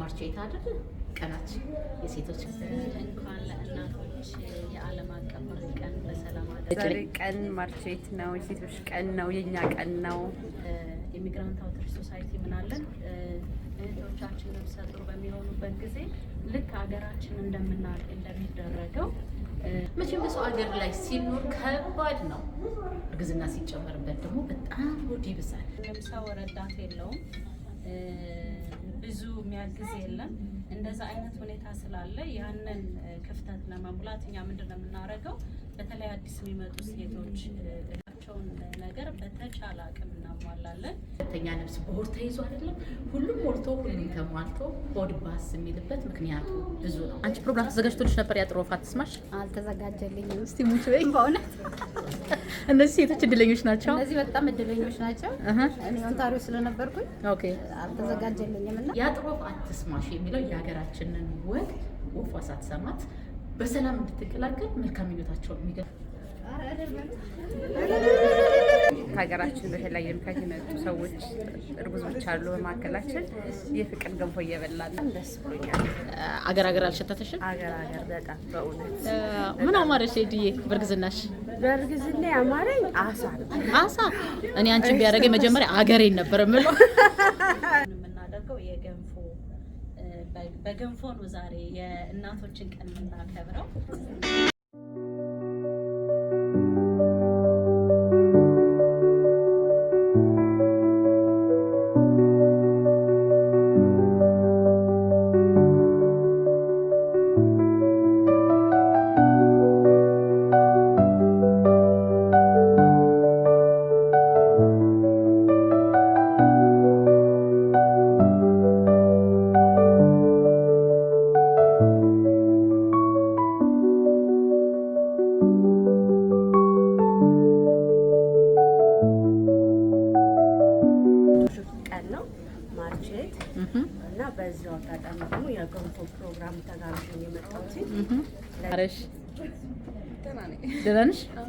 ማርች ኤይት አይደል ቀናች የሴቶች እንኳን ለእናቶች የዓለም አቀፍ ቀን በሰላም ዛሬ ቀን ማርቼት ነው። የሴቶች ቀን ነው። የእኛ ቀን ነው። የኢሚግራንት አውትሪች ሶሳይቲ ምናለን እህቶቻችን ነፍሰ በሚሆኑበት ጊዜ ልክ ሀገራችን እንደምናውቅ እንደሚደረገው መቼም በሰው ሀገር ላይ ሲኖር ከባድ ነው። እርግዝና ሲጨመርበት ደግሞ በጣም ሆድ ይብሳል። ለምሳ ወረዳት የለውም ብዙ የሚያግዝ የለም። እንደዛ አይነት ሁኔታ ስላለ ያንን ክፍተት ለመሙላት እኛ ምንድን ነው የምናደርገው? በተለይ አዲስ የሚመጡ ሴቶች ያላቸውን ነገር በተቻለ አቅም እናሟላለን። ሁለተኛ ነፍስ በሆድ ተይዞ አይደለም ሁሉም ሞልቶ ሁሉም ተሟልቶ ሆድ ባስ የሚልበት ምክንያቱ ብዙ ነው። አንቺ ፕሮግራም ተዘጋጅቶልሽ ነበር? ያጥሮ ፋትስማሽ አልተዘጋጀልኝም። እስቲ ሙች በይ በእውነት እነዚህ ሴቶች እድለኞች ናቸው። እነዚህ በጣም እድለኞች ናቸው። እኔ ኦንታሪዮ ስለነበርኩኝ አልተዘጋጀልኝም እና ያጥሮ ፋትስማሽ የሚለው የሀገራችንን ወግ ወፏ ሳትሰማት በሰላም እንድትገላገል መልካም ምኞታቸውን የሚገ ከሀገራችን በተለያየ ምክንያት የመጡ ሰዎች እርጉዞች አሉ። በመካከላችን የፍቅር ገንፎ እየበላን ደስ ብሎኛል። አገር አገር አልሸተተሽም? አገር አገር በጣም በእውነት ምን አማረሽ ሄድዬ? በእርግዝናሽ በእርግዝና አማረኝ አሳ አሳ። እኔ አንቺን ቢያደርገኝ መጀመሪያ አገሬን ነበር ምሎ የምናደርገው የገንፎ በገንፎ ነው ዛሬ የእናቶችን ቀን የምናከብረው።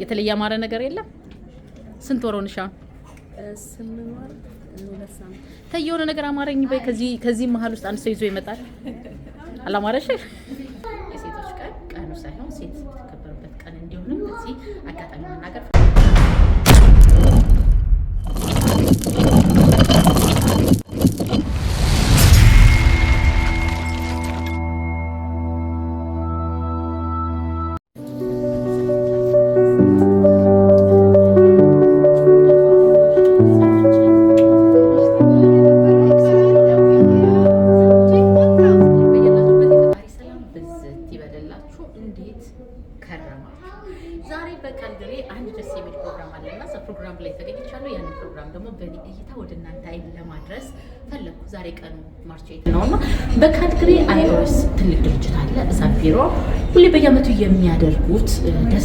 የተለየ አማረ ነገር የለም። ስንት ወር ሆንሽ? የሆነ ነገር አማረኝ በይ። ከዚህ መሀል ውስጥ አንድ ሰው ይዞ ይመጣል። አላማረሽ?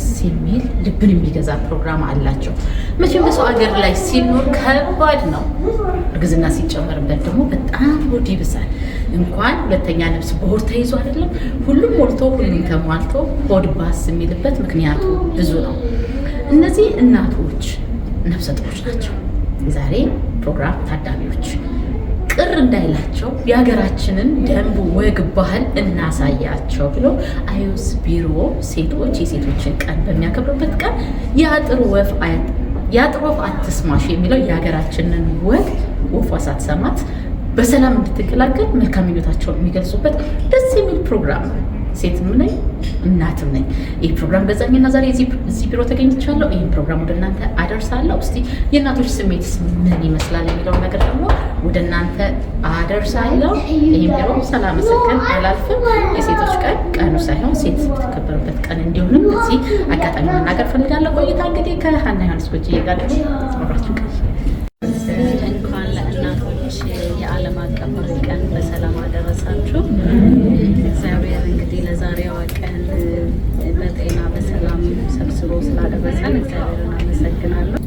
ደስ የሚል ልብን የሚገዛ ፕሮግራም አላቸው። መቼም በሰው አገር ላይ ሲኖር ከባድ ነው። እርግዝና ሲጨመርበት ደግሞ በጣም ሆድ ይብሳል። እንኳን ሁለተኛ ነፍስ በሆድ ተይዞ አይደለም ሁሉም ሞልቶ ሁሉም ተሟልቶ ሆድ ባስ የሚልበት ምክንያቱ ብዙ ነው። እነዚህ እናቶች ነፍሰ ጡሮች ናቸው። የዛሬ ፕሮግራም ታዳሚዎች ቅር እንዳይላቸው የሀገራችንን ደንብ፣ ወግ፣ ባህል እናሳያቸው ብሎ አዩስ ቢሮ ሴቶች የሴቶችን ቀን በሚያከብርበት ቀን የአጥር ወፍ የአጥር ወፍ አትስማሽ የሚለው የሀገራችንን ወግ ወፏ ሳትሰማት በሰላም እንድትገላገል መልካም ምኞታቸውን የሚገልጹበት ደስ የሚል ፕሮግራም ነው። ሴትም ነኝ እናትም ነኝ። ይህ ፕሮግራም ገዛኝና ዛሬ እዚህ ቢሮ ተገኝቻለሁ። ይህን ፕሮግራም ወደ እናንተ አደርሳለሁ። እስቲ የእናቶች ስሜት ምን ይመስላል የሚለው ነገር ደግሞ ወደ እናንተ አደርሳለሁ። ይህን ቢሮ ሳላመሰግን አላልፍም። የሴቶች ቀን ቀኑ ሳይሆን ሴት የምትከበርበት ቀን እንዲሆንም እዚህ አጋጣሚ መናገር ፈልጋለሁ። ቆይታ እንግዲህ ከሀና ዮሐንስ ጎጅ ጋር አብራችሁ ቀን እንኳን ለእናቶች የዓለም አቀፍ ቀን በሰላም አደረሳችሁ። እግዚአብሔር እንግዲህ ለዛሬዋ ቀን በጤና በሰላም ሰብስቦ ስላደረሰን እግዚአብሔርን አመሰግናለሁ።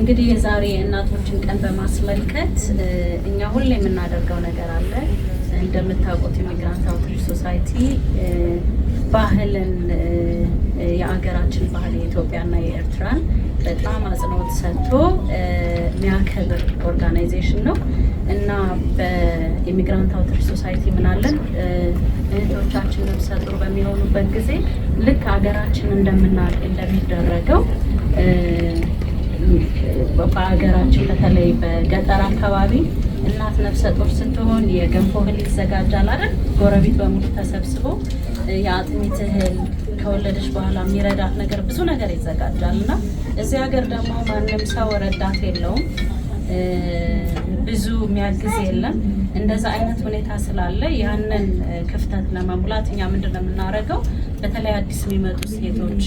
እንግዲህ የዛሬ እናቶችን ቀን በማስመልከት እኛ ሁሌ የምናደርገው ነገር አለ። እንደምታውቁት ኢሚግራንት አውቶች ሶሳይቲ ባህልን የአገራችን ባህል የኢትዮጵያና የኤርትራን በጣም አጽንኦት ሰጥቶ የሚያከብር ኦርጋናይዜሽን ነው። እና በኢሚግራንት አውተር ሶሳይቲ ምናለን እህቶቻችን ነፍሰ ጡር በሚሆኑበት ጊዜ ልክ ሀገራችን እንደምናውቅ እንደሚደረገው በሀገራችን በተለይ በገጠር አካባቢ እናት ነፍሰ ጡር ስትሆን የገንፎ እህል ይዘጋጃል አይደል? ጎረቤት በሙሉ ተሰብስቦ የአጥሚት እህል ከወለደች በኋላ የሚረዳት ነገር ብዙ ነገር ይዘጋጃል እና እዚህ ሀገር ደግሞ ማንም ሰው ረዳት የለውም። ብዙ የሚያግዝ የለም። እንደዛ አይነት ሁኔታ ስላለ ያንን ክፍተት ለመሙላት እኛ ምንድን ነው የምናደርገው? በተለይ አዲስ የሚመጡ ሴቶች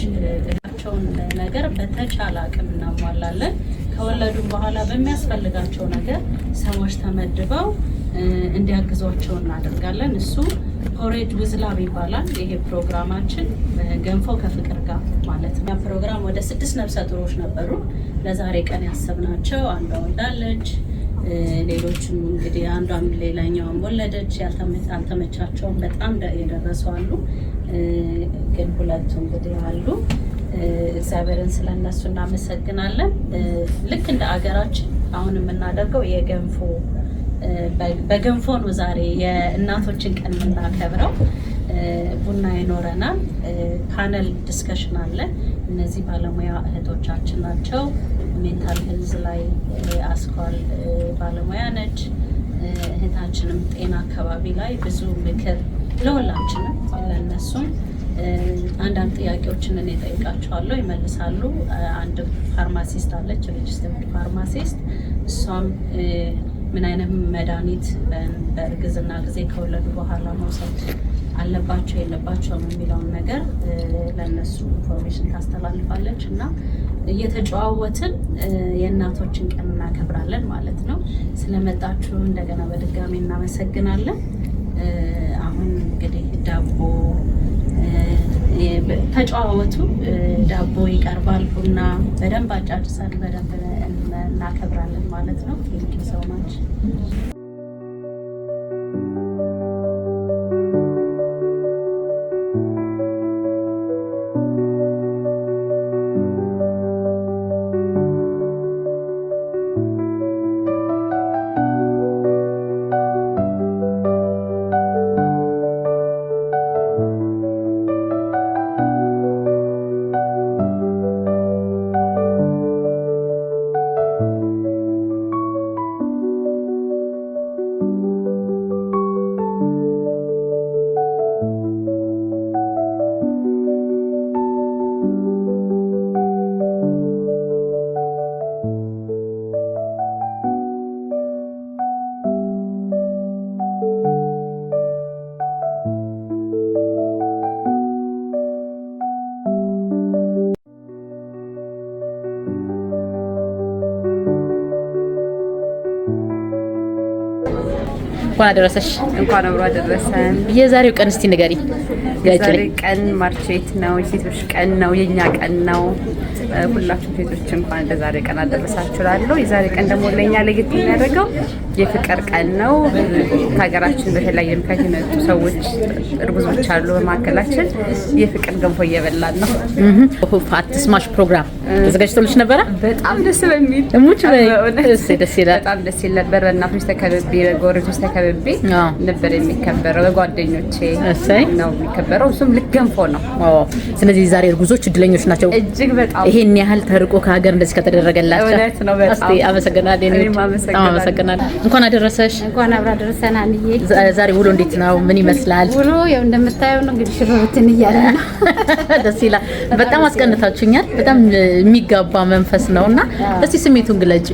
ቸውን ነገር በተቻለ አቅም እናሟላለን። ከወለዱም በኋላ በሚያስፈልጋቸው ነገር ሰዎች ተመድበው እንዲያግዟቸው እናደርጋለን። እሱ ኮሬጅ ውዝላብ ይባላል። ይሄ ፕሮግራማችን ገንፎ ከፍቅር ጋር ማለት ነው። ፕሮግራም ወደ ስድስት ነብሰ ጡሮች ነበሩ ለዛሬ ቀን ያሰብናቸው። አንዷ ወልዳለች፣ ሌሎችም እንግዲህ አንዷም ሌላኛዋም ወለደች። ያልተመቻቸውም በጣም የደረሱ አሉ፣ ግን ሁለቱ እንግዲህ አሉ። እግዚአብሔርን ስለነሱ እናመሰግናለን። ልክ እንደ አገራችን አሁን የምናደርገው የገንፎ በገንፎ ነው ዛሬ የእናቶችን ቀን የምናከብረው። ቡና ይኖረናል። ፓነል ዲስከሽን አለ። እነዚህ ባለሙያ እህቶቻችን ናቸው። ሜንታል ህልዝ ላይ አስኳል ባለሙያ ነች። እህታችንም ጤና አካባቢ ላይ ብዙ ምክር ለሁላችንም ለእነሱም አንዳንድ ጥያቄዎችን እኔ ጠይቃቸዋለሁ፣ ይመልሳሉ። አንድ ፋርማሲስት አለች፣ ሬጅስትር ፋርማሲስት። እሷም ምን አይነት መድኃኒት በእርግዝና ጊዜ ከወለዱ በኋላ መውሰድ አለባቸው የለባቸውም የሚለውን ነገር ለእነሱ ኢንፎርሜሽን ታስተላልፋለች እና እየተጨዋወትን የእናቶችን ቀን እናከብራለን ማለት ነው። ስለመጣችሁ እንደገና በድጋሚ እናመሰግናለን። አሁን እንግዲህ ዳቦ ተጨዋወቱ፣ ዳቦ ይቀርባል፣ ቡና በደንብ አጫጭሰን በደንብ እናከብራለን ማለት ነው። ቴንኪ ሰው ማች እንኳን አደረሰሽ። እንኳን አብሮ አደረሰን። የዛሬው ቀን እስቲ ንገሪ። የዛሬው ቀን ማርች ኤይት ነው፣ የሴቶች ቀን ነው፣ የኛ ቀን ነው። ሁላችሁ ሴቶች እንኳን ለዛሬ ቀን አደረሳችሁ እላለሁ። የዛሬ ቀን ደግሞ ለእኛ ለየት የሚያደርገው የፍቅር ቀን ነው። ከሀገራችን በተለያየ ምክንያት የመጡ ሰዎች እርጉዞች አሉ። በመካከላችን የፍቅር ገንፎ እየበላን ነው። አትስማሽ ፕሮግራም ተዘጋጅቶልሽ ነበረ? በጣም ደስ በሚል እሙች ደስ ይላል። በጣም ደስ ይላል ነበር። በእናቶች ተከብቤ፣ በጎረቤቶች ተከብቤ ነበር የሚከበረው። በጓደኞቼ ነው የሚከበረው። እሱም ልክ ገንፎ ነው። ስለዚህ ዛሬ እርጉዞች እድለኞች ናቸው እጅግ በጣም ይሄን ያህል ተርቆ ከሀገር እንደዚህ ከተደረገላቸው እውነት ነው። በጣም አመሰግናለሁ። አመሰግናለሁ። እንኳን አደረሰሽ። እንኳን አብራ ይሄ ዛሬ ውሎ እንዴት ነው? ምን ይመስላል ውሎ? ያው እንደምታየው ነው እንግዲህ ሽሮትን እያለ ነው። ደስ ይላል። በጣም አስቀንታችሁኛል። በጣም የሚጋባ መንፈስ ነው እና እስቲ ስሜቱን ግለጭ።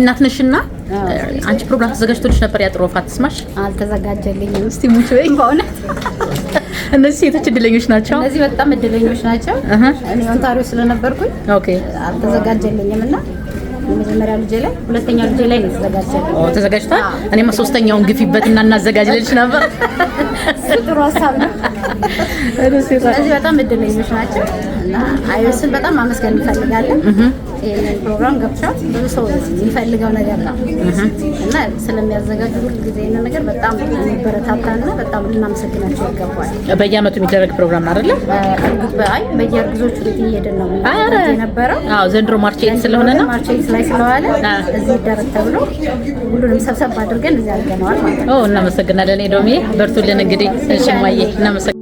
እናትነሽና አንቺ ፕሮግራም ተዘጋጅቶልሽ ነበር። ያጥሮ ጥሩ ወፍ አትስማሽ እስቲ ሙች ወይ በእውነት እነዚህ ሴቶች እድለኞች ናቸው። እነዚህ በጣም እድለኞች ናቸው። እኔ ኦንታሪዮ ስለነበርኩኝ ኦኬ አልተዘጋጀልኝም እና የመጀመሪያ ልጄ ላይ ሁለተኛ ልጄ ላይ ነው የተዘጋጀልኝ። ኦ ተዘጋጅቷል። እኔማ ሶስተኛውን ግፊበት እና እናዘጋጅልሽ ነበር። ጥሩ ሀሳብ ነው። እነዚህ በጣም እድለኞች ናቸው። እና አይስን በጣም ማመስገን እንፈልጋለን። ይህንን ፕሮግራም ገብቻ ብዙ ሰው የሚፈልገው ነገር ነው እና ስለሚያዘጋጁ ጊዜ ይህንን ነገር በጣም በረታታና በጣም ልናመሰግናቸው ይገባል። በየአመቱ የሚደረግ ፕሮግራም አይደለ? አይ በየእርግዞቹ ቤት እየሄድን ነው የነበረው። ዘንድሮ ማርቼት ስለሆነ ነው ማርቼት ላይ ስለዋለ እዚህ ይደረግ ተብሎ ሁሉንም ሰብሰብ አድርገን እዚህ አድርገነዋል ማለት ነው። እናመሰግናለን። ዶሜ በርቱልን። እንግዲህ እሽማዬ እናመሰግ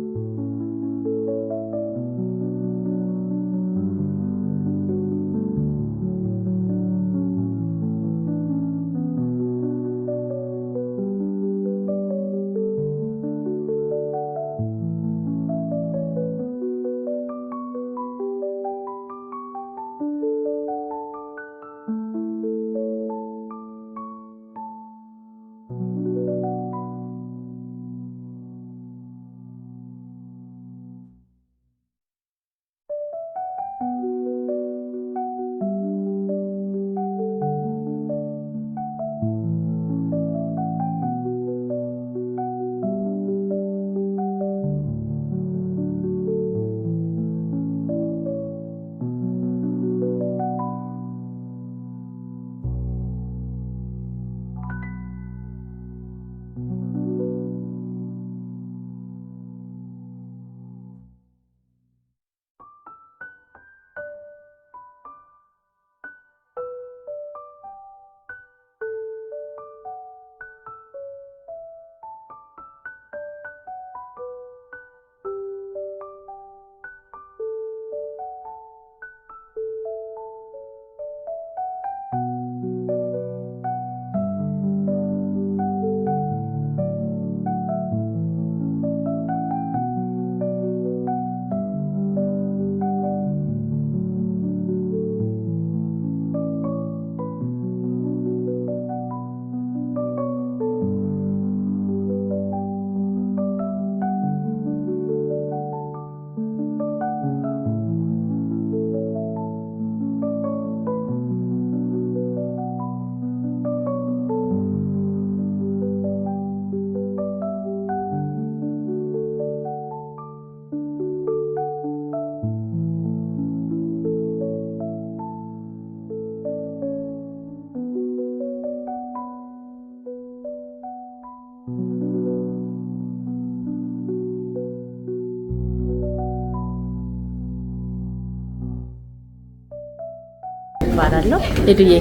እባላለሁ። ሄዱዬ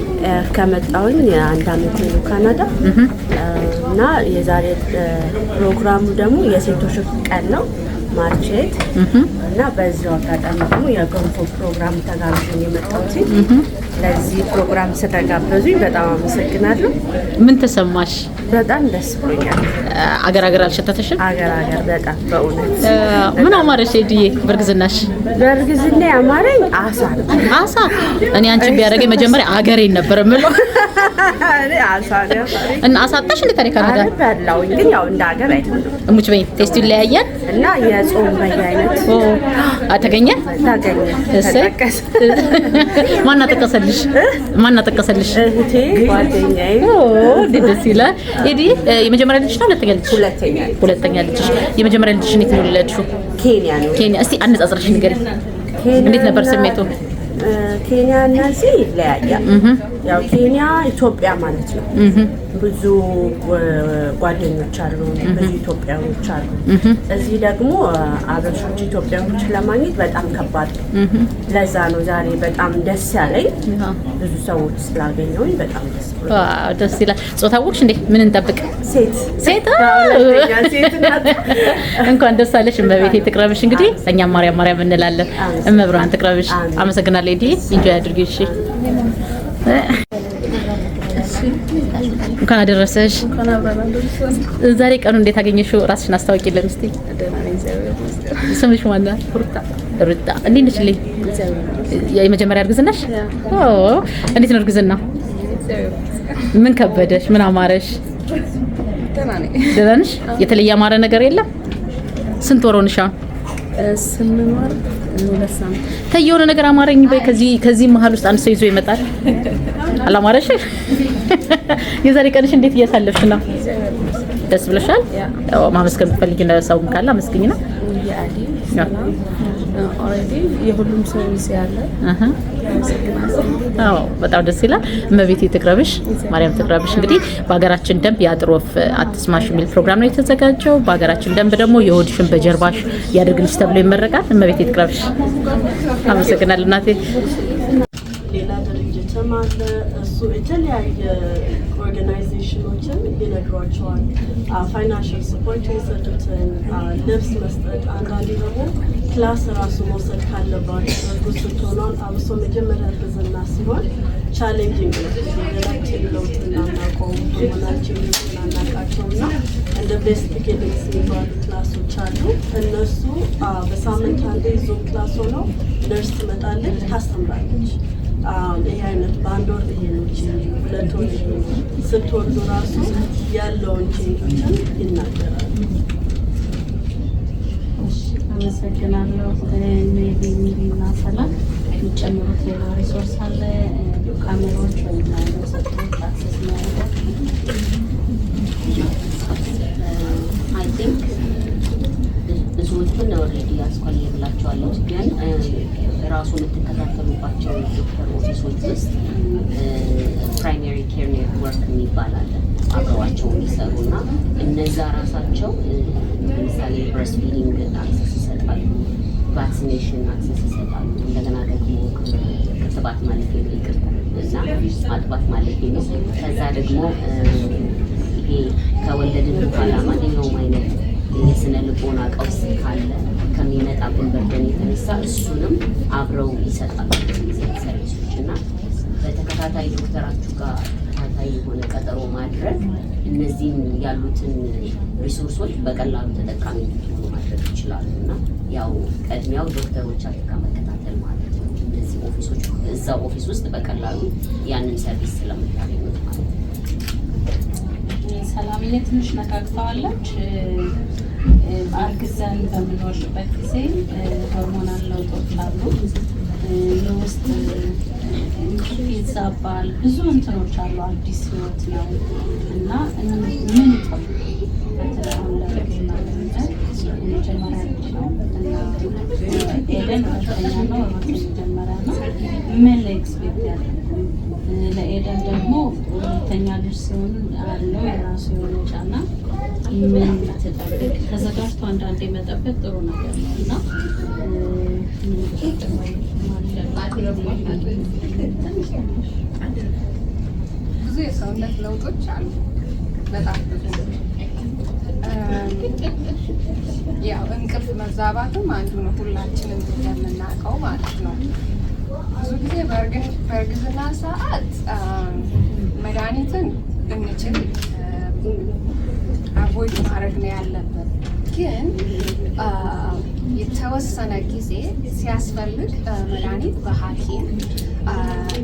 ከመጣሁኝ አንድ አመት ነው ካናዳ እና የዛሬ ፕሮግራሙ ደግሞ የሴቶች ቀን ነው ማርቼት እና በዚሁ አጋጣሚ ደግሞ የገንፎ ፕሮግራም ተጋብዤ የመጣሁት ለዚህ ፕሮግራም ስለጋበዙኝ በጣም አመሰግናለሁ። ምን ተሰማሽ? በጣም ደስ ብሎኛል። አገር አገር አልሸተተሽም? አገር አገር በጣም በእውነት። ምን አማረሽ ሄድዬ በእርግዝናሽ? በእርግዝና ያማረኝ አሳ አሳ። እኔ አንቺ ቢያደርገኝ መጀመሪያ አገሬን ነበር የምለው። እና አሳጣሽ? እንደ ታሪክ ካናዳ በላውኝ፣ ግን ያው እንደ አገር አይደለም። እሙች በይ ቴስቱ ይለያያል። እና የጾም በየ አይነት ተገኘ ታገኘ። እሰይ ማን ጠቀሰልሽ? ማን ጠቀሰልሽ? እህቴ ጓደኛዬ። ደስ ይላል። ኤዲ የመጀመሪያ ልጅ ነው ሁለተኛ ልጅሽ? ሁለተኛ ሁለተኛ ልጅሽ። የመጀመሪያ ልጅ የት ነው የወለድሽው? ኬንያ ነው። ኬንያ። እስቲ አነጻጽረሽ ንገሪኝ፣ እንዴት ነበር ስሜቱ? ኬንያ እና እዚህ ይለያያል። ያው ኬንያ ኢትዮጵያ ማለት ነው ብዙ ጓደኞች አሉ፣ ብዙ ኢትዮጵያኖች አሉ። እዚህ ደግሞ አበሾች ኢትዮጵያኖች ለማግኘት በጣም ከባድ ነው። ለዛ ነው ዛሬ በጣም ደስ ያለኝ ብዙ ሰዎች ስላገኘውኝ በጣም ደስ ደስ ይላል። ጾታዎች እንዴ ምን እንጠብቅ? ሴት ሴት እንኳን ደስ አለሽ። እመቤቴ ትቅረብሽ። እንግዲህ እኛም ማርያም ማርያም እንላለን። እመብራን ትቅረብሽ። አመሰግናለሁ። እንዲ ኢንጆይ አድርጊሽ። እንኳን አደረሰሽ። ዛሬ ቀኑ እንዴት አገኘሽው? ራስሽን አስታውቂልን እስቲ። ስምሽ ማን? ሩታ። እንዴት ነሽ? ልይ የመጀመሪያ እርግዝናሽ? እንዴት ነው እርግዝና? ምን ከበደሽ? ምን አማረሽ? ደህና ነሽ? የተለየ አማረ ነገር የለም? ስንት ወር ሆንሻ? ስንኖር የሆነ ነገር አማረኝ በይ። ከዚህ ከዚህ መሀል ውስጥ አንድ ሰው ይዞ ይመጣል። አላማረሽ? የዛሬ ቀንሽ እንዴት እያሳለፍሽ ነው? ደስ ብለሻል? ማመስገን ብትፈልጊ ሰውም ካለ አመስግኝና የሁሉም ሰርቪስ ያለ በጣም ደስ ይላል። እመቤቴ ትቅረብሽ፣ ማርያም ትቅረብሽ። እንግዲህ በሀገራችን ደንብ የአጥር ወፍ አትስማሽ የሚል ፕሮግራም ነው የተዘጋጀው። በሀገራችን ደንብ ደግሞ የሆድሽን በጀርባሽ ያደርግልሽ ተብሎ ይመረቃል። እመቤቴ ትቅረብሽ። አመሰግናለሁ እናቴ። እነሱ የተለያየ ኦርጋናይዜሽኖችን ይነግሯቸዋል። ፋይናንሽል ሰፖርት የሚሰጡትን ልብስ መስጠት፣ አንዳንዴ ደግሞ ክላስ ራሱ መውሰድ ካለባቸው እርጉዝ ስትሆኗል፣ አብሶ መጀመሪያ እርግዝና ሲሆን ቻሌንጂንግ ነው። ገላችን ለውጥ እናናቀው ሆናችን እናናቃቸው እና እንደ ቤስት ጌዴክስ የሚባሉ ክላሶች አሉ። እነሱ በሳምንት አንዴ ዙም ክላስ ሆነው ነርስ ትመጣለች፣ ታስተምራለች ይህ አይነት በአንድ ወር ይሄኖች ሁለት ወር ስትወልዱ ራሱ ያለውን ቼንጆችን ይናገራል። አመሰግናለሁ። ሜቢና ሰላም የሚጨምሩት ሌላ ሪሶርስ አለ ካሜራዎች ወይም ብዙዎቹን ኦልሬዲ አስኳል የብላቸዋለሁ። ግን ራሱ የምትከታተሉባቸው ዶክተር ኦፊሶች ውስጥ ፕራይማሪ ኬር ኔትወርክ የሚባል አለ። አብረዋቸው የሚሰሩ እና እነዛ ራሳቸው ለምሳሌ ብረስት ፊዲንግ አክሰስ ይሰጣሉ፣ ቫክሲኔሽን አክሰስ ይሰጣሉ። እንደገና ደግሞ ክትባት ማለት ነው እና ማጥባት ማለት ነው። ከዛ ደግሞ ይሄ ከወለድን በኋላ ማንኛውም አይነት የስነ ልቦና ቀውስ ካለ ከሚመጣብን በርደን የተነሳ እሱንም አብረው ይሰጣሉ ሰርቪሶች እና በተከታታይ ዶክተራችሁ ጋር ተከታታይ የሆነ ቀጠሮ ማድረግ እነዚህም ያሉትን ሪሶርሶች በቀላሉ ተጠቃሚ እንዲሆኑ ማድረግ ይችላሉ እና ያው ቀድሚያው ዶክተሮች ጋር መከታተል ማለት ነው። እነዚህ ኦፊሶች እዛ ኦፊስ ውስጥ በቀላሉ ያንን ሰርቪስ ስለምታገኙት ማለት ነው። ሰላምዬ ትንሽ ነካክተዋለች። አርግዘን በምንወልድበት ጊዜ ሆርሞናል ለውጦች አሉ። የውስጥ ይዛባል። ብዙ እንትኖች አሉ። አዲስ ህይወት ነው እና ምን ጠብ ነው ነው ጀመሪያ ነው ምን ኤክስፔክት ያለ ለኤደን ደግሞ ሁለተኛ ልጅ ሲሆን አለው የራሱ የሆነ ጫና ትጠብቅ ተዘጋጅቶ አንዳንዴ መጠበቅ ጥሩ ነገር ነው እና ብዙ የሰውነት ለውጦች አሉ። በጣም ያው እንቅልፍ መዛባትም አንዱ ነው፣ ሁላችንም የምናውቀው ማለት ነው። ብዙ ጊዜ በእርግዝና ሰዓት መድኃኒትን ብንችል አቮይድ ማድረግ ነው ያለበት። ግን የተወሰነ ጊዜ ሲያስፈልግ መድኃኒት በሐኪም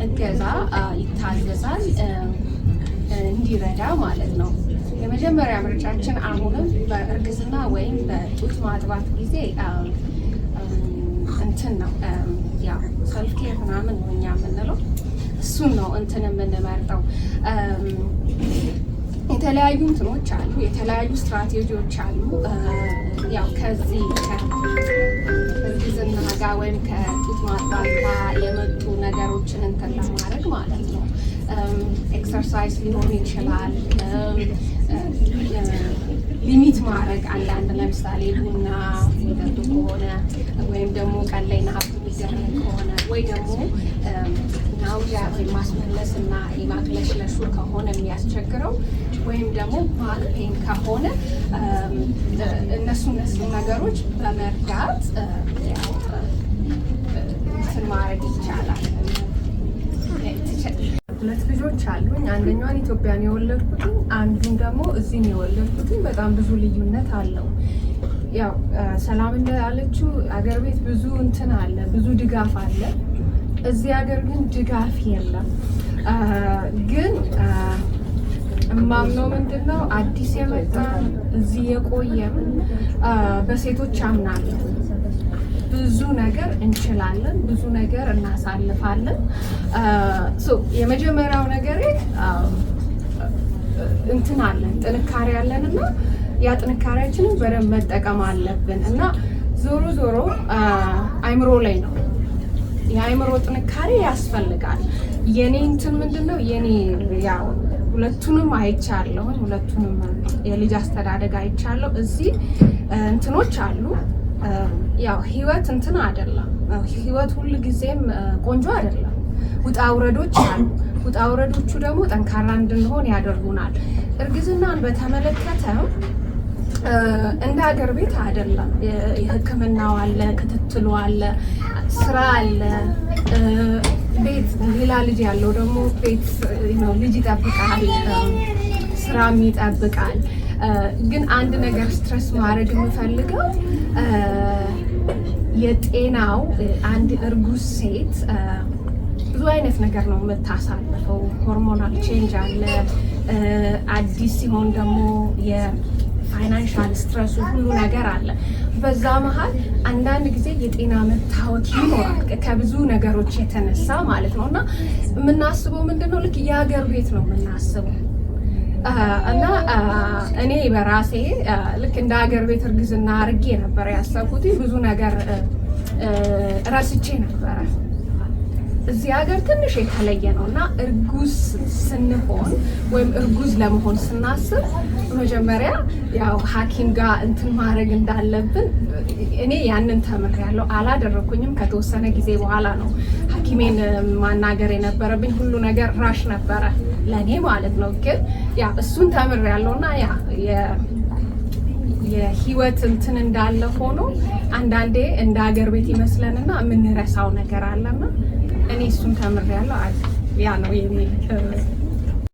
እገዛ ይታዘዛል እንዲረዳ ማለት ነው። የመጀመሪያ ምርጫችን አሁንም በእርግዝና ወይም በጡት ማጥባት ጊዜ እንትን ነው ያው ሰልፍ ኬር ምናምን ነው እኛ የምንለው። እሱን ነው እንትን የምንመርጠው። የተለያዩ እንትኖች አሉ፣ የተለያዩ ስትራቴጂዎች አሉ። ያው ከዚህ ከእርግዝና ጋር ወይም ከጡት ማጥባት ጋር የመጡ ነገሮችን እንትን ለማድረግ ማለት ነው። ኤክሰርሳይዝ ሊሆን ይችላል ሊሚት ማድረግ አንዳንድ ለምሳሌ ቡና የሚጠጡ ከሆነ ወይም ደግሞ ቀን ላይ ናሀብት የሚደረግ ከሆነ ወይ ደግሞ ናውያ ወይ ማስመለስ እና የማቅለሽለሹ ከሆነ የሚያስቸግረው ወይም ደግሞ ባክ ፔን ከሆነ እነሱ እነሱ ነገሮች በመርዳት እንትን ማድረግ ይቻላል። ሁለት ልጆች አሉኝ። አንደኛዋን ኢትዮጵያን የወለድኩትኝ፣ አንዱን ደግሞ እዚህም የወለድኩትኝ። በጣም ብዙ ልዩነት አለው። ያው ሰላም እንዳለችው አገር ቤት ብዙ እንትን አለ፣ ብዙ ድጋፍ አለ። እዚህ ሀገር ግን ድጋፍ የለም። ግን እማምነው ምንድን ነው አዲስ የመጣ እዚህ የቆየም በሴቶች አምናለሁ ብዙ ነገር እንችላለን፣ ብዙ ነገር እናሳልፋለን። የመጀመሪያው ነገር እንትን አለን ጥንካሬ አለን እና ያ ጥንካሬያችንን በደንብ መጠቀም አለብን እና ዞሮ ዞሮ አይምሮ ላይ ነው የአይምሮ ጥንካሬ ያስፈልጋል። የኔ እንትን ምንድን ነው የኔ ያው ሁለቱንም አይቻለሁ፣ ሁለቱንም የልጅ አስተዳደግ አይቻለሁ። እዚህ እንትኖች አሉ ያው ህይወት እንትን አይደለም። ህይወት ሁል ጊዜም ቆንጆ አይደለም። ውጣ ውረዶች አሉ። ውጣ ውረዶቹ ደግሞ ጠንካራ እንድንሆን ያደርጉናል። እርግዝናን በተመለከተ እንደ ሀገር ቤት አይደለም። የህክምናው አለ፣ ክትትሉ አለ፣ ስራ አለ፣ ቤት ሌላ ልጅ ያለው ደግሞ ቤት ልጅ ይጠብቃል፣ ስራም ይጠብቃል። ግን አንድ ነገር ስትረስ ማድረግ የምፈልገው የጤናው አንድ እርጉዝ ሴት ብዙ አይነት ነገር ነው የምታሳልፈው። ሆርሞናል ቼንጅ አለ። አዲስ ሲሆን ደግሞ የፋይናንሻል ስትረሱ ሁሉ ነገር አለ። በዛ መሀል አንዳንድ ጊዜ የጤና መታወክ ይኖራል፣ ከብዙ ነገሮች የተነሳ ማለት ነው። እና የምናስበው ምንድነው ልክ የሀገር ቤት ነው የምናስበው እና እኔ በራሴ ልክ እንደ ሀገር ቤት እርግዝና አርጌ ነበር ያሰብኩት። ብዙ ነገር ረስቼ ነበረ። እዚህ ሀገር ትንሽ የተለየ ነው እና እርጉዝ ስንሆን ወይም እርጉዝ ለመሆን ስናስብ መጀመሪያ ያው ሐኪም ጋር እንትን ማድረግ እንዳለብን እኔ ያንን ተምሬያለሁ። አላደረኩኝም። ከተወሰነ ጊዜ በኋላ ነው ሐኪሜን ማናገር የነበረብኝ። ሁሉ ነገር ራሽ ነበረ። ለእኔ ማለት ነው። ግን ያ እሱን ተምር ያለውና ያ የህይወት እንትን እንዳለ ሆኖ አንዳንዴ እንደ ሀገር ቤት ይመስለንና የምንረሳው ነገር አለና እኔ እሱን ተምር ያለው ያ ነው የኔ